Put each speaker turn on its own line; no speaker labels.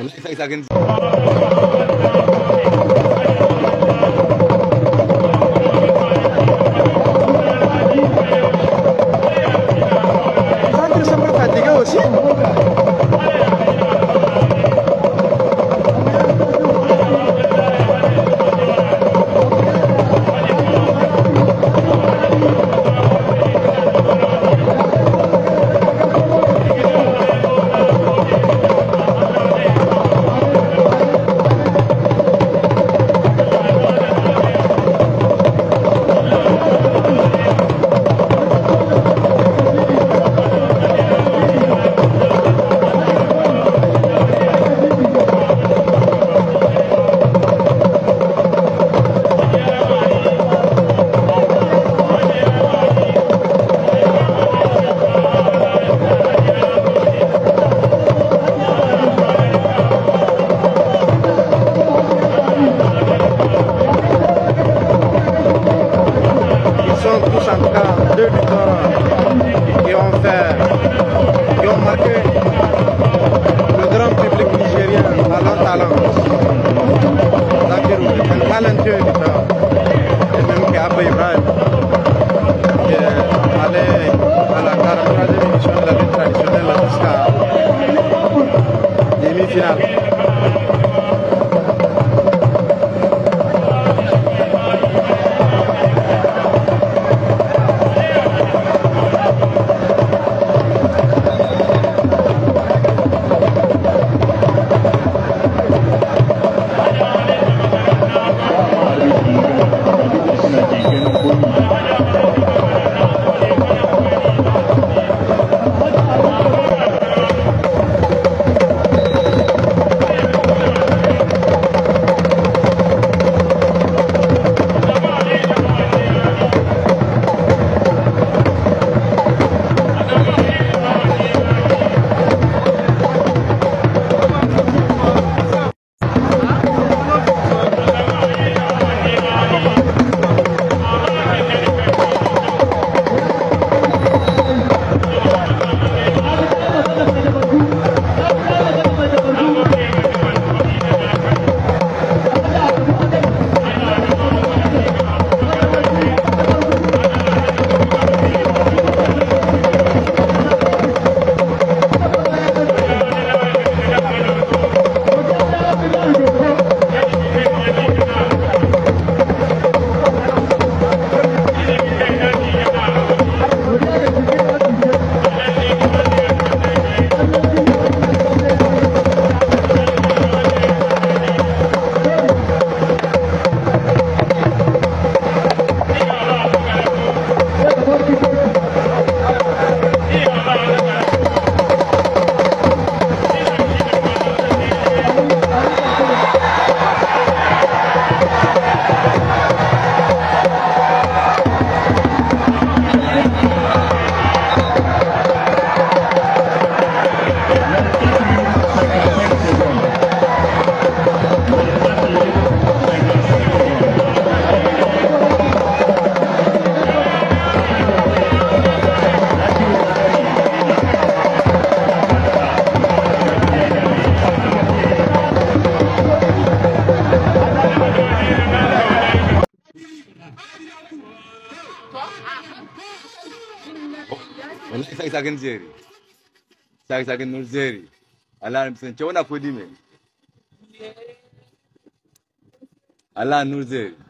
And like
I can final. wallahi sai
sakan
jeri sai sakan nur jeri Allah ne san wannan kudi me Allah nur jeri